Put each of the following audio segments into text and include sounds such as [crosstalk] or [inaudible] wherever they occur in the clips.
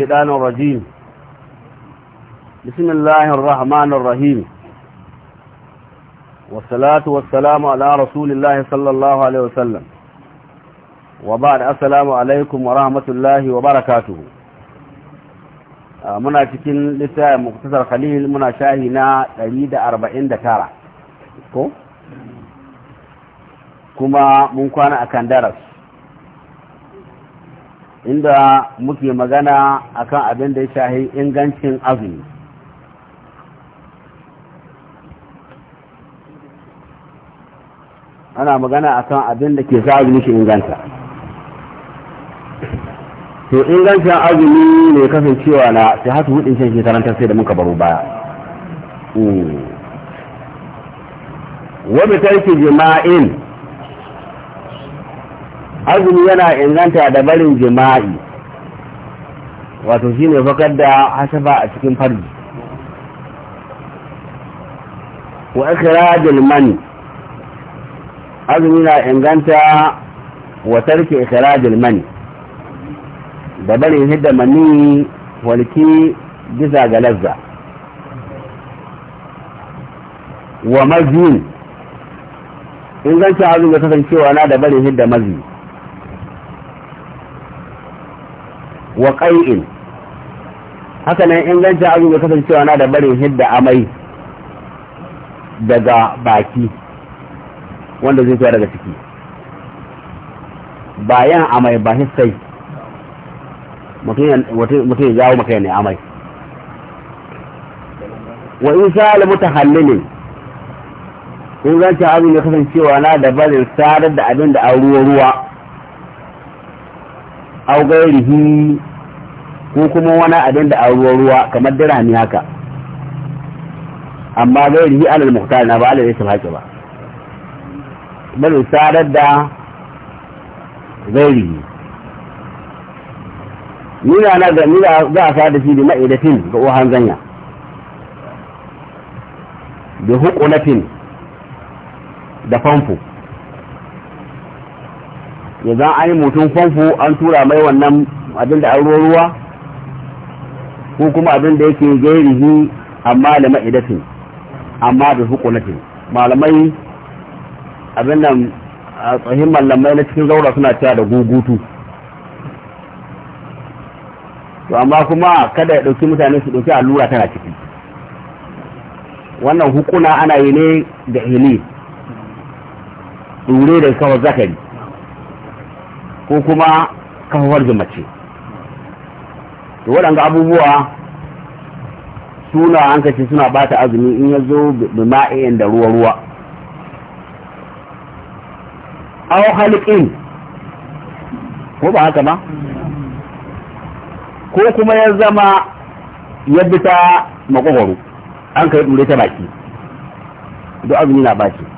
الشيطان الرجيم بسم الله الرحمن الرحيم والصلاة والسلام على رسول الله صلى الله عليه وسلم وبعد السلام عليكم ورحمة الله وبركاته muna cikin littafin muktasar khalil muna shahi na 149 ko kuma mun kwana akan daras inda muke magana akan abin da ya shahi ingancin azumi ana magana akan abin da ke sa azumi shi inganta to ingancin azumi ne kasancewa na sai hatu hudin shan shekarantar sai da muka baro baya hmm. wabi tarki jima'in azumi yana inganta da barin jima'i wato shi ne fakar da hasafa a cikin farji wa ikirajin mani azumi na inganta wa tarki ikirajin mani da barin hidda mani walki bisa ga lazza wa mazin inganta azumi kasancewa na da barin hidda mazin wa ƙai'in haka nan ingancin abin ya kasancewa na da barin hidda amai daga baki wanda zai fita daga ciki bayan amai ba hissai mutum ya jawo maka ne amai wa in sa'ala mutahallilin ingancin abin ya kasancewa na da barin sadar da abin da an ruwa ruwa au gairihi ko kuma wani abin da ruwa ruwa kamar dirhami haka amma gairihi alal muhtar na ba alal yasab haka ba bal sadar da gairihi nuna na ga nuna za a sada shi da ma'idatin ga uhan zanya da hukunatin da famfo ya za an yi mutum famfo an tura mai wannan abin da an ruwa ko kuma abin da yake gairihi amma da ma'idatin amma da hukunatin malamai abin nan a tsohin malamai na cikin zaura suna cewa da gugutu to amma kuma kada ya ɗauki mutane su ɗauki allura tana ciki wannan hukuna ana yi ne da hili ɗure da kawai zakari ko kuma kafafar mace to waɗanda abubuwa suna an kace suna bata azumi in ya zo da ma'in da ruwa-ruwa aw halikin ko ba haka ba ko kuma ya zama ya bita ta an kai ɗure ta baki don azumi na baki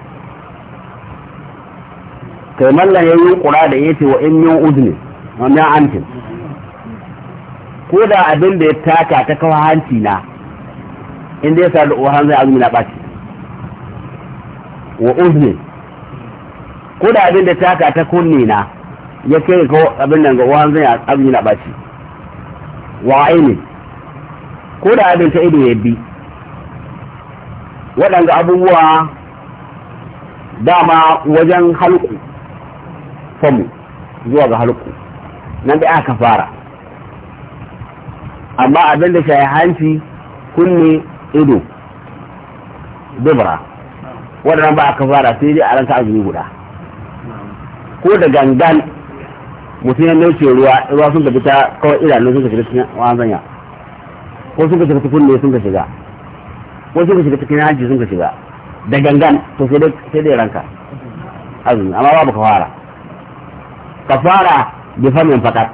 kai mallan ya yi kura da ce wa in yi uzini wani min antin ko da abin da ya taka ta kawo hanci na inda ya sadu ohan zai azumi na ɓaci wa uzini ko da abin da taka ta kunne na ya kai ko abin nan ga ohan ya azumi na ɓaci wa aini ko da abin ta ido ya bi waɗanda abubuwa dama wajen halku Famu zuwa ga halku nan da aka fara amma abin da shaye hanci kunne ido dubra waɗannan ba aka fara sai dai a ranka azumi guda ko da gangan mutum ya nauce ruwa ruwa sun ka fita kawai idanun sun ka shiga cikin wanzanya ko sun ka shiga cikin kunne sun ka shiga ko sun ka shiga cikin hanci sun ka shiga da gangan to sai dai ranka azumi amma babu ka fara kafara bi famin fakat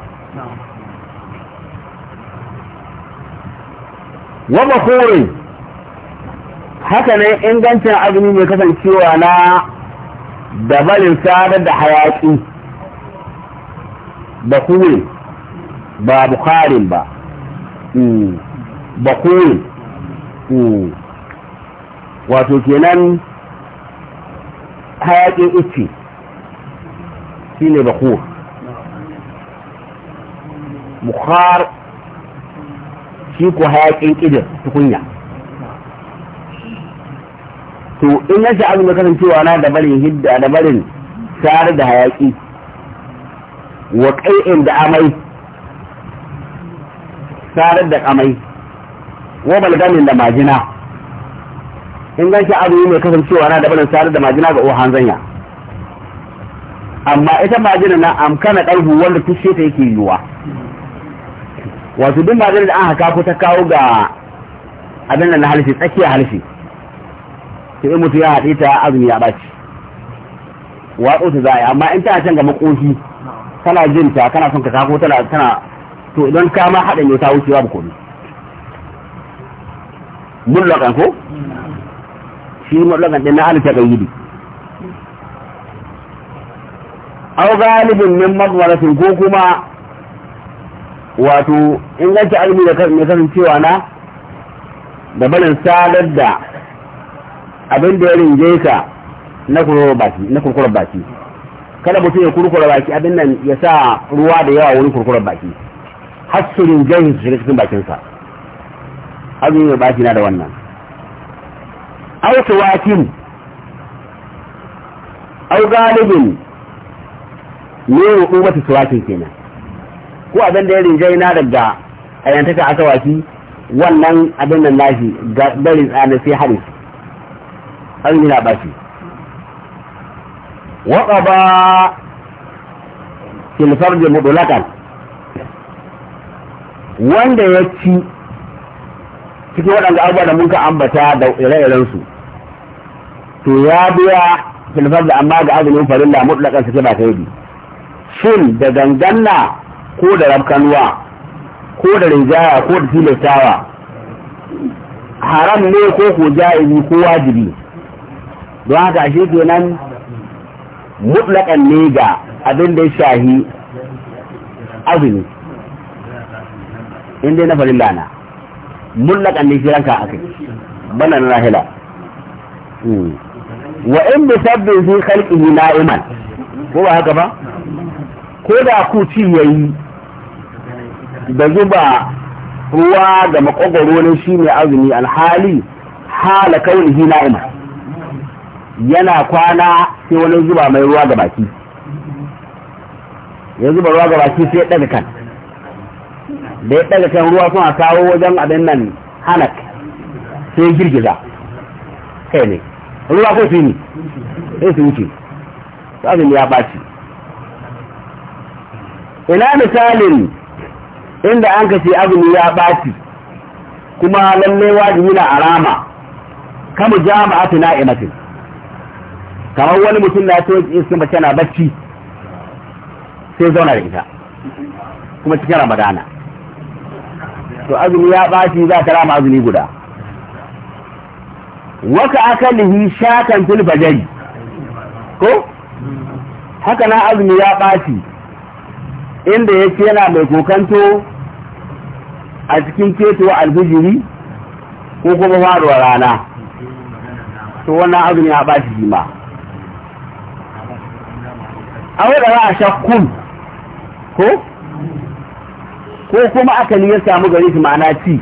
wa bakurin haka ne ingancin azumi mai kasancewa na dabalin sadar da hayaki bakurin ba bukarin ba hmm, bakurin hmm, wato kenan hayakin ice shine bakhur bukhar shi ko hayakin kidir tukunya to in ya sha abin kasancewa na da barin hidda da barin tare da hayaki wa kai'in da amai tare da amai wa balgamin da majina in gan sha mai kasancewa na da barin tare da majina ga ohan zanya amma ita majina na amkana ɗarhu wanda tushe ta yake yiwa wato duk majina da an haka ko ta kawo ga abin da na halshe tsakiyar halshe sai in mutu ya haɗe ta azumi ya ɓaci watsu ta zai amma in ta can ga makoshi kana jin ta kana son ka kako tana tana to idan ka ma haɗin ne ta wucewa ba mulla kan ko shi kan ɗin na halitta yidi aw galibin min madwaratin ko kuma wato inganci almi da kan cewa na da barin sadar da abin da ya rinje ka na kurkurar baki kada mutum ya kurkura baki abin nan ya sa ruwa da yawa wurin kurkurar baki har su rinje su shiga cikin bakinsa azumi baki na da wannan tawakin aw galibin ne mata tuwakin kenan ko abin da ya rinjai na daga ayyantaka aka waki wannan abin nan nashi ga barin tsanin sai harin har yi labashi waɗa ba kilfar da mudulakan wanda ya ci cikin waɗanda abubuwa da mun ka ambata da ire-irensu to ya biya kilfar da amma ga azumin farin da mutlakan suke ba ta yi biyu. shin da ganganna ko da rafkanuwa ko da rinjaya ko da tilastawa haram ne ko ko ja'ibi ko wajibi don haka shi nan mutlaƙan ne ga abin da ya shahi azumi inda na farin lana mutlaƙan ne shiranka a kai bana na rahila hmm. wa in bi sabbin fi khalqihi na'iman ko ba haka ba ko da kuci ya yi da zuba ruwa ga makogoro ne shi ne azumi alhali hala kaunihi na'ima yana kwana sai wani zuba mai ruwa ga baki ya zuba ruwa ga baki sai ya ɗaga kan da ya ɗaga kan ruwa suna kawo wajen abin nan hanak sai girgiza kai ne ruwa ko fi ne sai su wuce azumi ya ɓaci ina misalin inda an ka ce azumi ya ɓaci kuma lalle wajibi na arama kama jama'atu na'imatin kamar wani mutum na so sun mace na bacci sai zauna da ita kuma cikin ramadana to azumi ya ɓaci za ta rama azumi guda waka akalihi shakan fil ko haka na azumi ya ɓaci inda yake yana mai kokanto a cikin ketowa albijiri ko kuma faruwa rana to wannan ne ya ba shi jima a wadda za a shakkun ko ko kuma aka niyar samu gari su ma'ana ci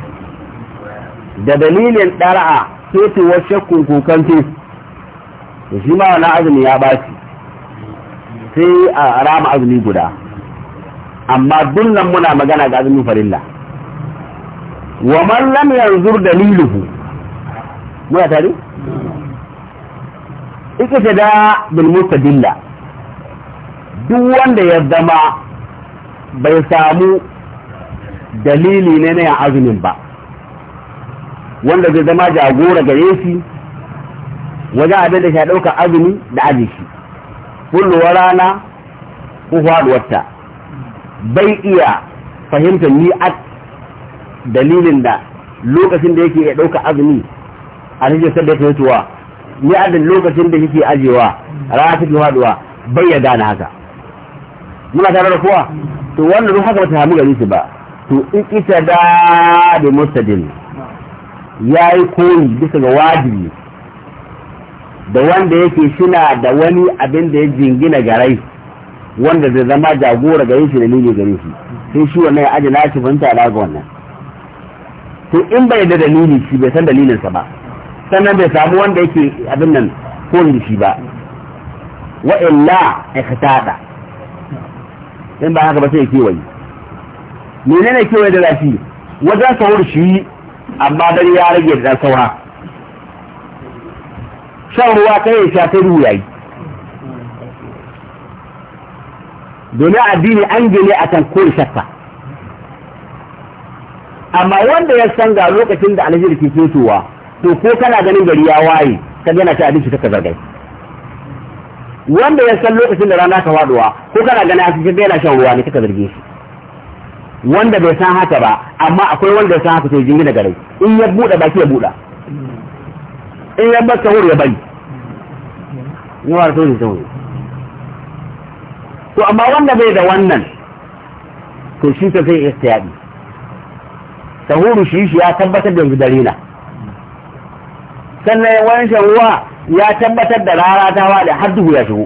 da dalilin ɗara'a ketowar shakkun kokanto da shi ma wannan azumi ya ba shi sai a rama azumi guda amma dunnan muna magana ga azumin farilla wa man lam yanzur daliluhu muna tare ce da bil mustadilla duk wanda ya zama bai samu dalili ne na azumin ba wanda zai zama jagora gare shi wajen abin da shi ɗauka azumi da aji shi kullu rana ko ta bai iya fahimta ni a dalilin da lokacin da yake ya ɗauka azumi a cikin sadda ya ni a lokacin da yake ajiyewa, rana take faduwa bai ya gane haka muna tare da kowa to wannan haka ba ta samu gari su ba to in ita da da mustadin ya yi koyi bisa ga wajibi da wanda yake shina da wani abin da ya jingina garai wanda zai zama jagora gare shi da ne gare shi sai shi wannan ya aji na shi fahimta a ga wannan to in bai da dalili shi bai san dalilinsa ba sannan bai samu wanda yake abin nan ko da shi ba wa illa ikhtada in ba haka ba sai kewaye menene kewaye da zafi wajen sahur shi amma dare ya rage da saura shan ruwa kai ya sha ta ruwa yi domin addini an gine a kan kowace shakka amma wanda ya san ga lokacin da alheri ke ketowa to ko kana ganin gari ya waye ka gana ta abinci ka zargai wanda ya san lokacin da rana ka waduwa ko kana ganin asibiti yana shan ruwa ne ka zarge shi wanda bai san haka ba amma akwai wanda ya san haka sai jingina gare in ya buɗe baki ya bude, in ya bar wuri ya bari ni wa rasulun sahur to amma wanda bai da wannan to shi ka zai istiyabi sahuru shi shi ya tabbatar da yanzu dare na sannan wancan ruwa ya tabbatar da rara ta wada har duhu ya shigo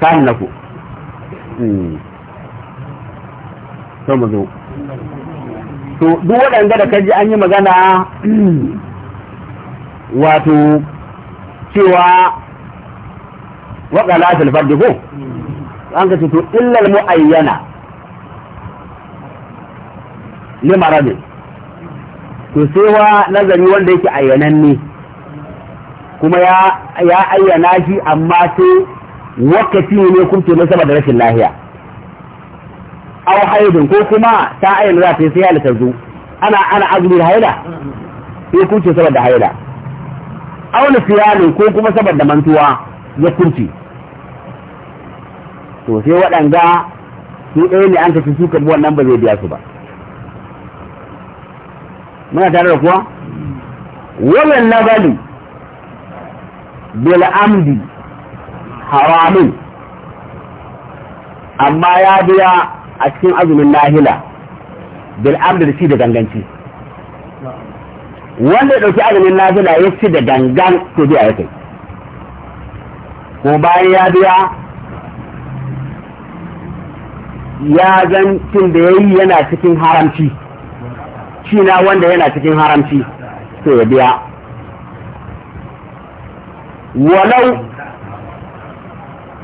kan na ku hmm. to mu zo to duk waɗanda da kaji an yi magana [clears throat] wato cewa wa qalatul fardi an ka to illal muayyana li maradi to sai wa nazari wanda yake ayyananne kuma ya ayyana shi amma sai wakati ne kun to saboda rashin lahiya aw haidin ko kuma ta ayyana za ta yi sai halitta ana ana azumi haila sai kun ko kuma saboda mantuwa ya to sai waɗanda su ɗaya ne an kasu suka wannan ba zai biya su ba muna tare da kuwa wannan nabali bil amdi haramun amma ya biya a cikin azumin nahila bil amdi da shi da ganganci wanda ya ɗauki azumin nahila ya ci da gangan to biya ya kai ko bayan ya biya ya gan cin da ya yi yana cikin haramci cina wanda yana cikin haramci to ya biya walau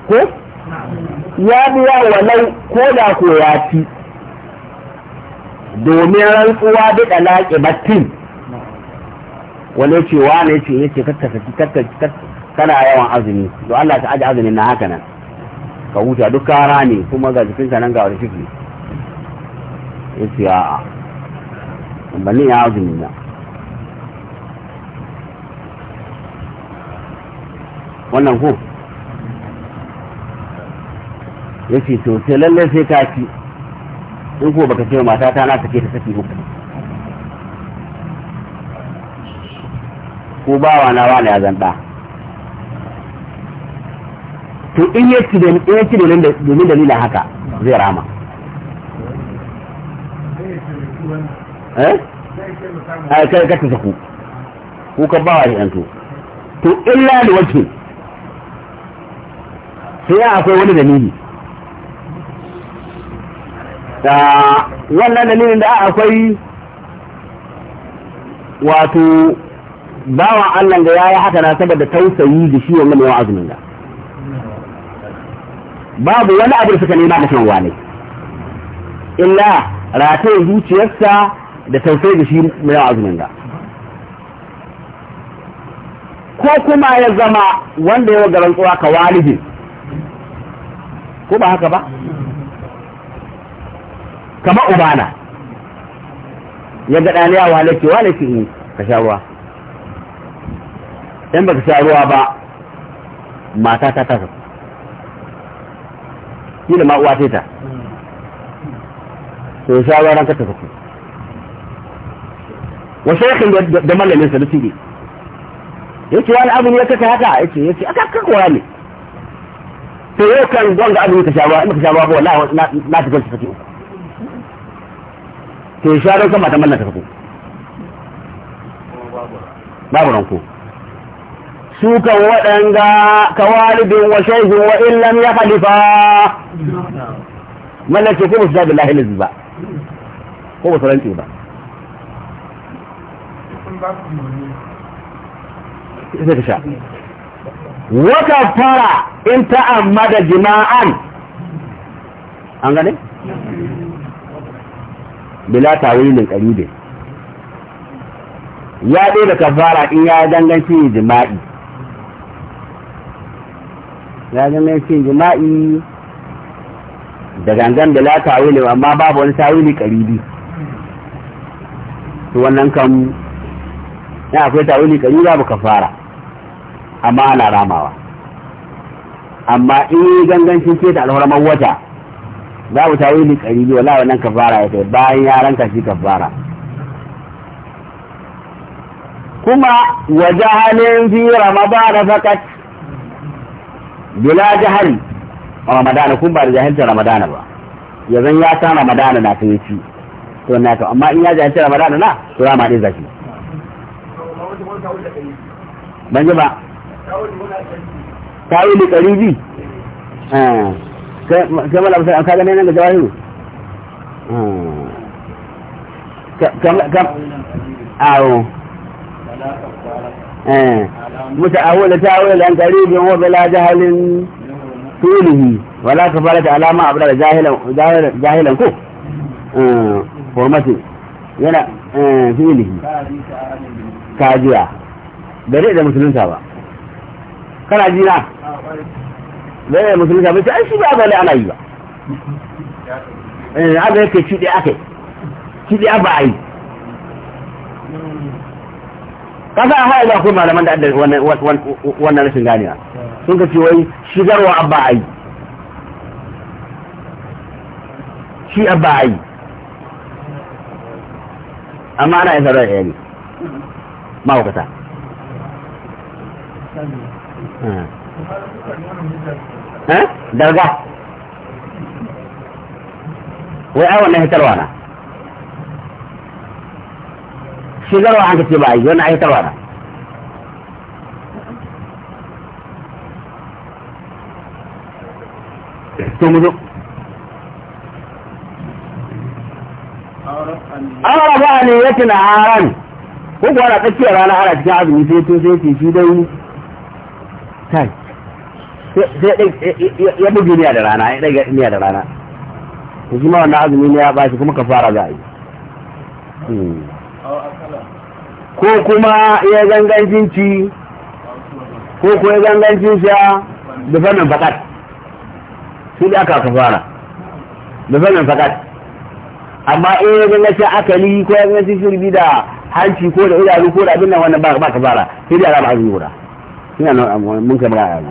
ko ya biya walau ko da ko ya ci domin rantsuwa da ɗalaƙi battin Wani cewa ne ce yake kakkasa kana yawan azumi don Allah ta aji azumin na haka nan ka wuce duk kara ne kuma ga jikinka nan ga wani ciki ya ce a'a bani ya azumi na wannan ko ya ce to ce lalle sai ta ci in ko baka ce mata ta na sake ta saki uku ko bawa na wani ya zan to in ya ci domin dalilin haka zai rama eh kai ka ku ku ka ba wa yanzu to illa da wace sai akwai wani dalili da wannan dalilin da akwai wato bawa Allah da yayi haka na saboda tausayi da shi wannan mai wa'azumin da babu wani abu da suka nema da kanwa ne illa rataye zuciyarsa da tausayi da shi mai azumin ga ko kuma ya zama wanda ya wagaran tsawa ka walihi ko ba haka ba kama ubana ya ga a walake walake ne ka sha ruwa in ba ka sha ruwa ba mata ta kasa kila ma uwa ta to shawaran ran ta fito wa shaykhin da malamin sa lutubi yace wani abu ne kaka haka yace yace aka ka kora ne to yau kan gonga abu ka ba in ka shawara wallahi na ta gaske take to sha ran mata mallan ta fito babu ranko su kan waɗanda ka walibin wa shaihin wa illam ya halifa mallake ko ba su zaɓi lahilis ba ko ba su rantse ba sai wata fara in ta'ammada jima'an an gane? bila tawilin ƙaribe ya ɗaya da kafara in ya danganci jima'i ya zama yace jima'i da gangan da lata tawili amma babu wani tawili karibi to wannan kan ya akwai tawili karibi babu kafara amma ana ramawa amma in shi ce ta alhuramar wata babu tawili karibi wala wannan kafara ya kai bayan yaran ka shi kafara kuma wajahalin fi ramadana fakat bila jahari a ramadana kun ba da jahilta ramadana ba yanzu ya san ramadana na ta yaci to na to amma in ya jahilta ramadana na to ya ma dai zaki ban ji ba ta yi da karibi kai mala musa ka ganin nan da jawahiru kam kam awo متأول تأول عن قريب وبلا جهل طوله ولا كفالة على ما أبدل جاهلا جاهلا جاهلا كو حرمته yana eh, filihi kajiya da rai da musulunta ba kana jina da rai da musulunta ba sai shi ba ba ana yi ba eh, aga yake ciɗe aka yi ciɗe ba a Kasa a haɗa akwai malaman da adda wannan rashin ganewa sun ka ce wai shigarwa abba a yi shi abba a yi amma ana isa rai ne mahaukata eh? darga wai ai wannan hitarwa na shigarwa an kace ba a yi wani aiwatarwa na to mu zo an raba ne ya tuna haran ko kuwa da tsakiyar rana ana cikin azumi sai to sai ce shi dai kai sai ya bugi da rana ya ɗaga niya da rana to shi ma wannan azumi ne ya kuma ka fara za a yi hmm. ko kuma ya gangancinci ko ko ya gangancinsa sha da fannin fakat su da aka fara da fannin fakat amma in ya aka akali ko ya gangancin shirbi da hanci ko da idanu ko da abin nan wannan ba ka fara sai da rama azumi guda ina nan mun kamar a yanzu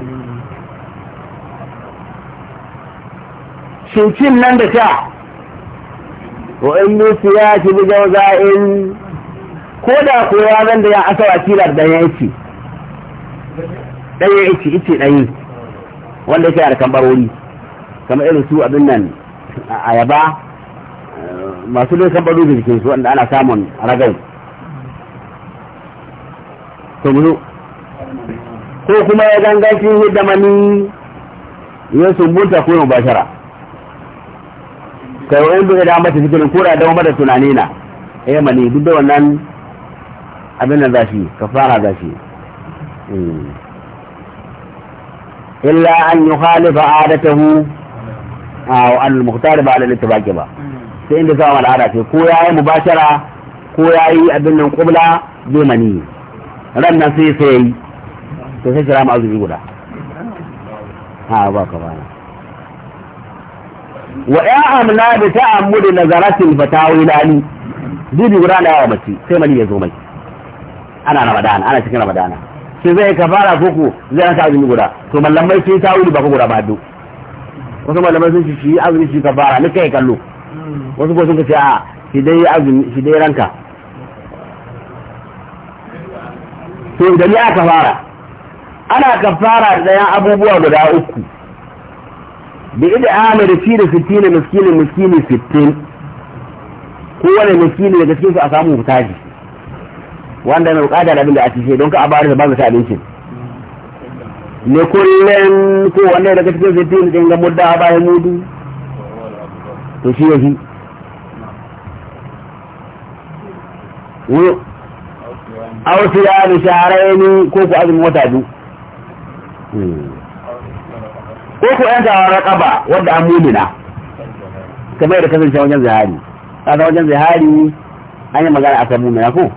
cin nan da sha wa in musu ya shi bi jawza'in ko da ko ya zan da ya asa wakilar da ya ce ɗaya ya ce ɗaya wanda yake harkan barori kamar irin su abin nan a yaba masu lokan barori jikin su wanda ana samun ragai to mu ko kuma ya gangancin hidda mani ya sumbunta ko mubashara kai wa'in duk idan mata cikin kura da mata tunani na eh mani duk da wannan abin da za shi kafara za illa an yi khalifa adatahu a al-muhtar ba ala littafaki ba sai inda zama al'ada ce ko yayi mubashara ko yayi abin nan qubla bi mani ran nan sai sai to sai jira ma'azumi guda ha ba ka ba wa ya amna bi ta'ammudi nazaratil fatawilani bi guda na yawa mace sai mani ya zo mai ana ramadana, ana cikin ramadana. sai zai kafara koko zai ranka azumi guda to mallamai sai ta wuri ba ko guda ba duk wasu mallamai sun shi azumi shi kafara ni kai kallo wasu ko sun ce a shi dai azumi shi dai ranka to idan ya ka fara ana kafara da abubuwa guda uku bi ida amir fi da sittin miskinin miskini sittin kowane miskini da cikin su a samu fitaji wanda yana bukata da abin da a cikin don ka a da ba ta abincin ne kullum ko wanda daga cikin sittin din ga mudda a bayan mudu to shi yafi ausu ya da sharai ne ko ku azumin wata biyu ko ku yanka wa raƙaba wadda an mulina, kamar da kasance wajen zahari kada wajen zahari an yi magana a kan mumina ko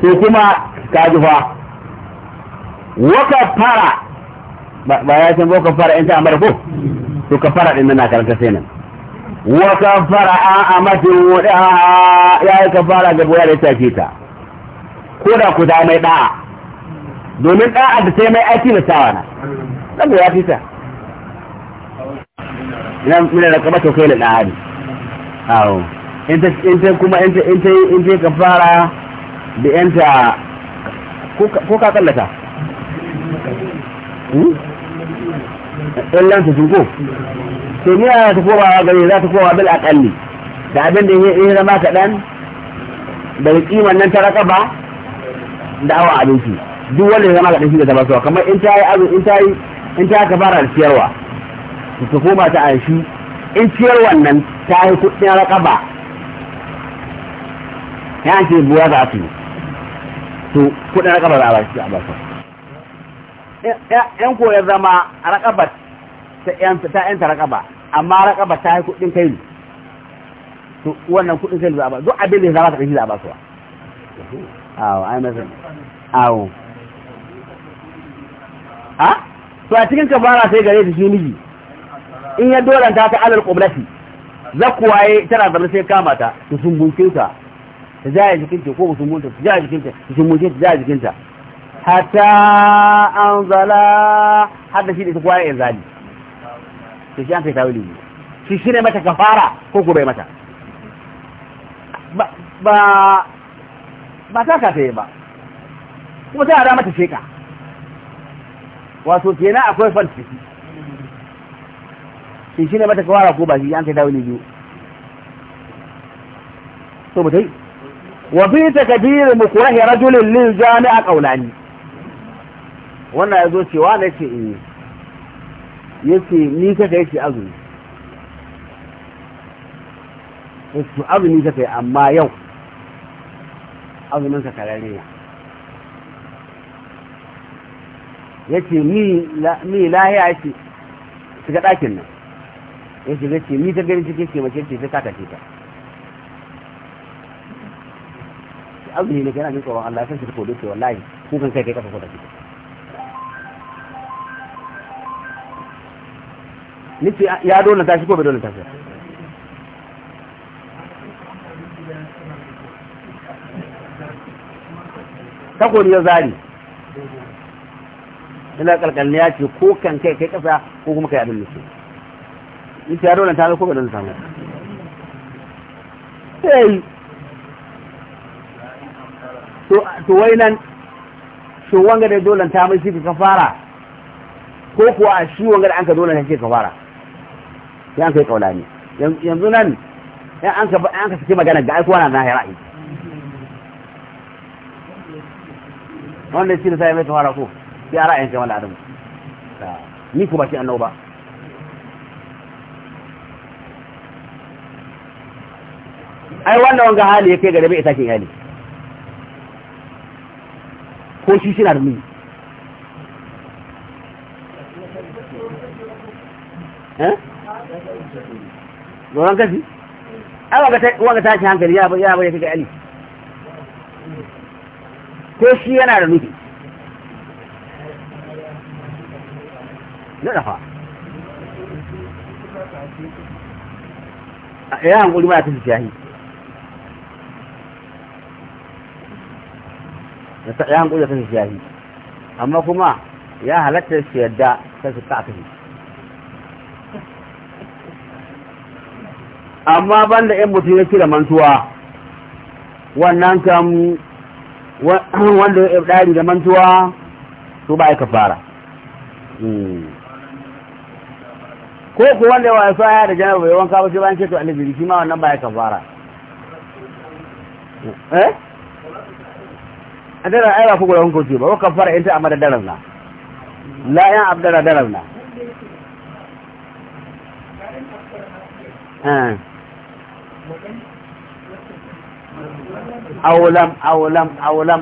sai kuma kajifa waka fara ba ya san waka fara in ta amara ko to ka fara din na karanta sai nan waka fara an amati wada ya yi ka fara ga boya da tafi ta ko da ku da mai da'a domin da'a da sai mai aiki da sawa na dan da ya fita ina mina da kaba to kai da da'a awo in ta kuma in ta in ka fara da yanta ko ka kallata in hmm? lanta ko to ni a ta komawa gari za ta komawa bil akalli da abin da ya zama kaɗan da kiman nan ta raka ba da awa abinci duk wanda ya zama kaɗan shi da tabasowa kamar in ta yi azu in ta yi in ta ka fara da siyarwa ta koma ta a shi in ciyar wannan ta yi kuɗin raƙaba ya ce buwa za su to kuɗin raƙaba za a bashi a basu yan koya zama zama raƙaba ta yanta raƙaba amma raƙaba ta yi kuɗin kai ne, to wannan kuɗin kai ne za a basu duk abin da ya zama ta kashi za a basu awo ai zama awo a to a cikin kabara sai gare ta shi miji in ya doranta ta alal qiblati zakwaye tana zaune sai kama ta su sumbunce ta ta jaya jikinta ko ba sumbunta ta jaya jikinta ta sumbunce ta jaya jikinta hatta an zala hada shi da ta kwaye in zali to shi an kai tawili ne shi shi ne mata fara ko ko bai mata ba ba ta ka sai ba kuma ta hada mata sheka wato kenan akwai falsifi in shi ne mata kawara ko ba shi an kai dawuni biyu so ba ta yi wa fi takdir mukrahi rajulin lil jami'a qawlani wannan yazo cewa na ce eh yace ni kaka yace azumi yace azumi kaka amma yau azumin ka karare ya yace ni la ni lahiya yace shiga dakin nan ya shiga ce ni ta gani cikin ce mace ce ta kata ce ta abu ne kana jin tsoron Allah sai ko dace wallahi ko kan kai kai kafa ko ta ce nufi ya dole ta shi ko bai dole ta shi takoni ya zari ina kalkalni ya ce ko kan kai kai kasa ko kuma kai abin mutum ita ya dole ta ko ba don samu sai to wai nan to wanga da dole ta mai shi ka fara ko kuwa a shi wanga da an ka dole ta ce ka fara ya an kai ne yanzu nan ya an ka an ka saki magana ga aikuwa na nahira ai wanda shi da sai mai ka fara ko ya ra'ayin kamar adam ni ku ba shi annoba ai wannan wanga hali ya kai ga bai isa hali ko shi shi na da ni eh goran kafi ai wanga ta wanga ta hankali ya ya bai kai ali ko shi yana da nufi na dafa ya hankuli ma ta shi da ta ɗayan ƙuda ta shahi amma kuma ya halatta shi yadda ta su ta kai amma banda in mutum ya da mantuwa wannan kam wanda ya ɗari da mantuwa su ba aika fara ko ku wanda ya wasa ya da janar bai wanka ba sai bayan ce to alibiri shi ma wannan ba aika fara eh dara ai ba ku gurin hukunci ba kuka fara inta amma da daren na la ya abdara daren na aulam aulam aulam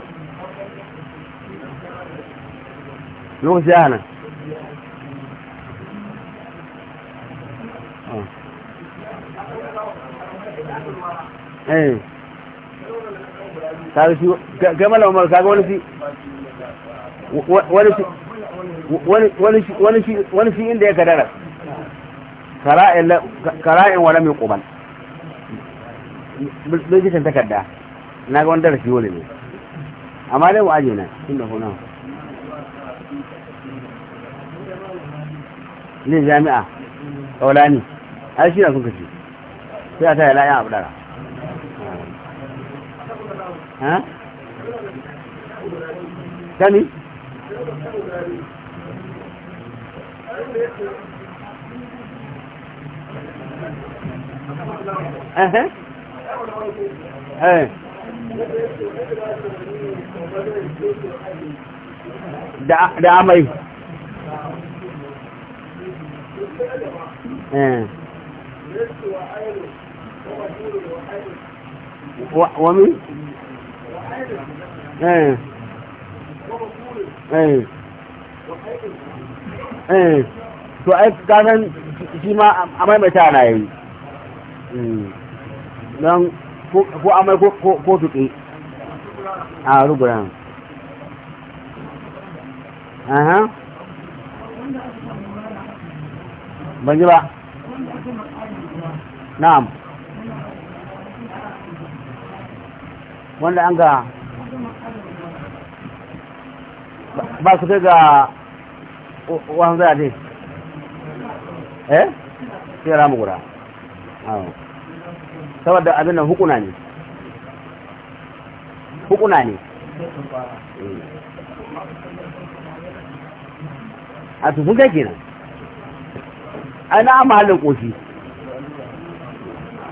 lokaci ahana eh kaga shi ga mala umar kaga wani shi wani shi wani shi wani shi wani shi inda ya kadara kara'in kara'in wala mai kuban lokacin takarda na ga wani darasi wani ne amma dai mu aje na inda kuna ne jami'a kaulani ai shi na kuka ce sai a ta yi la'ayin abu dara ha kani eh da amai eh ومن ايه ايه to ai kasan shi ma a maimaita na yi hmm. ko amai ko tuƙi a ruguran aha ban ji na'am wanda an ga ba su kai ga wani zai ade eh sai ramu guda saboda abin nan hukuna ne hukuna ne eh. a tufin kai kenan ai na halin koshi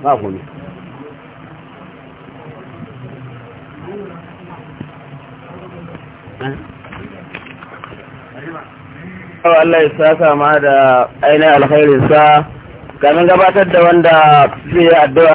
ba kuma Allah ya saka ma da ainihin alkhairinsa kamin gabatar da wanda zai yi addu'a